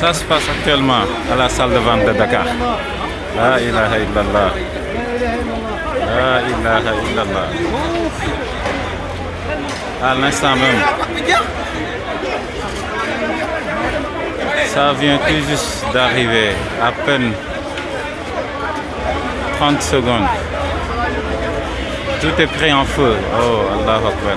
Ça se passe actuellement à la salle de vente de Dakar. La ilaha illallah. La ilaha illallah. À l'instant même. Ça vient tout juste d'arriver, à peine 30 secondes. Tout est pris en feu. Oh, Allah Akbar.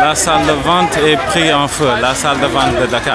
La salle de vente est prise en feu, la salle de vente de Dakar.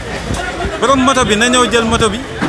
borom moto bi na ñëw jël moto bi.